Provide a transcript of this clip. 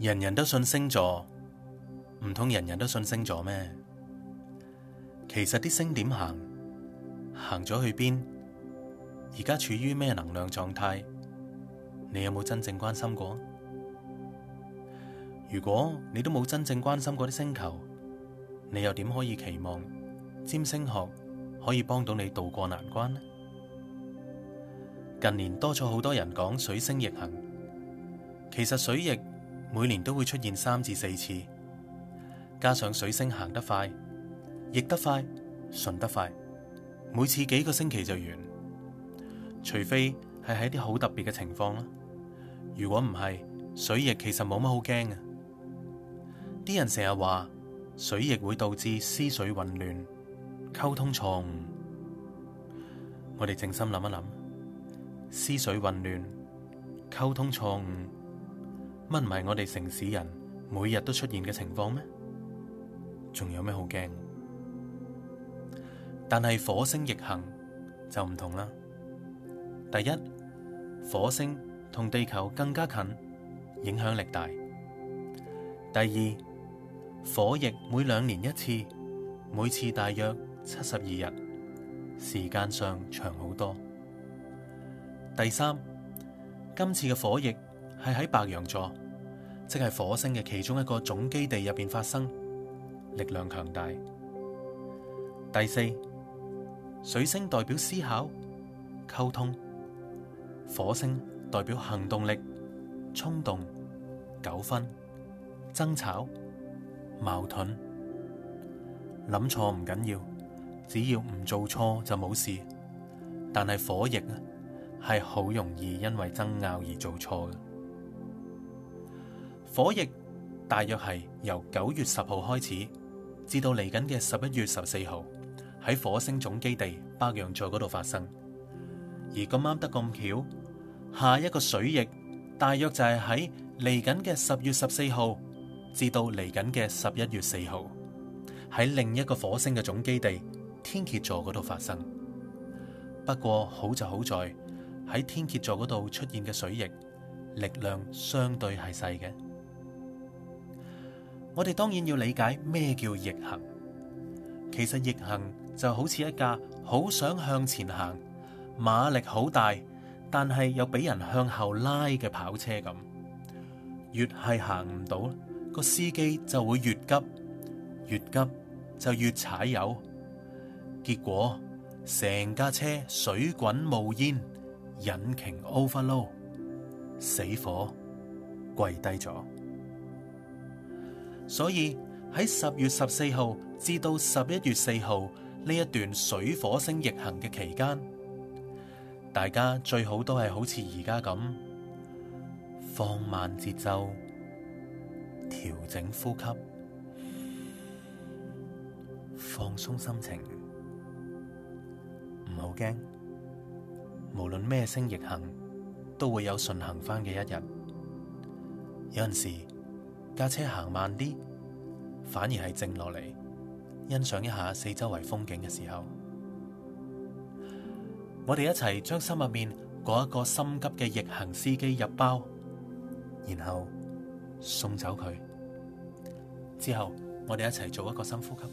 人人都信星座，唔通人人都信星座咩？其實啲星點行，行咗去邊？而家處於咩能量狀態？你有冇真正關心過？如果你都冇真正關心過啲星球，你又點可以期望占星學可以幫到你渡過難關呢？近年多咗好多人講水星逆行，其實水逆。每年都會出現三至四次，加上水星行得快、逆得快、順得快，每次幾個星期就完。除非係喺啲好特別嘅情況啦。如果唔係，水逆其實冇乜好驚嘅。啲人成日話水逆會導致思緒混亂、溝通錯誤。我哋靜心諗一諗，思緒混亂、溝通錯誤。乜唔係我哋城市人每日都出現嘅情況咩？仲有咩好驚？但係火星逆行就唔同啦。第一，火星同地球更加近，影響力大。第二，火逆每兩年一次，每次大約七十二日，時間上長好多。第三，今次嘅火逆。係喺白羊座，即係火星嘅其中一個總基地入邊發生，力量強大。第四，水星代表思考、溝通，火星代表行動力、衝動、糾紛、爭吵、矛盾。諗錯唔緊要，只要唔做錯就冇事。但係火逆咧，係好容易因為爭拗而做錯嘅。火逆大約係由九月十號開始，至到嚟緊嘅十一月十四號喺火星總基地白羊座嗰度發生，而咁啱得咁巧，下一個水逆大約就係喺嚟緊嘅十月十四號至到嚟緊嘅十一月四號喺另一個火星嘅總基地天蠍座嗰度發生。不過好就好在喺天蠍座嗰度出現嘅水逆力量相對係細嘅。我哋當然要理解咩叫逆行，其實逆行就好似一架好想向前行，馬力好大，但係又俾人向後拉嘅跑車咁，越係行唔到，個司機就會越急，越急就越踩油，結果成架車水滾冒煙，引擎 overload，死火跪低咗。所以喺十月十四號至到十一月四號呢一段水火星逆行嘅期間，大家最好都係好似而家咁放慢節奏，調整呼吸，放鬆心情，唔好驚。無論咩星逆行，都會有順行翻嘅一日。有陣時。架車行慢啲，反而係靜落嚟，欣賞一下四周圍風景嘅時候，我哋一齊將心入面嗰一個心急嘅逆行司機入包，然後送走佢，之後我哋一齊做一個深呼吸。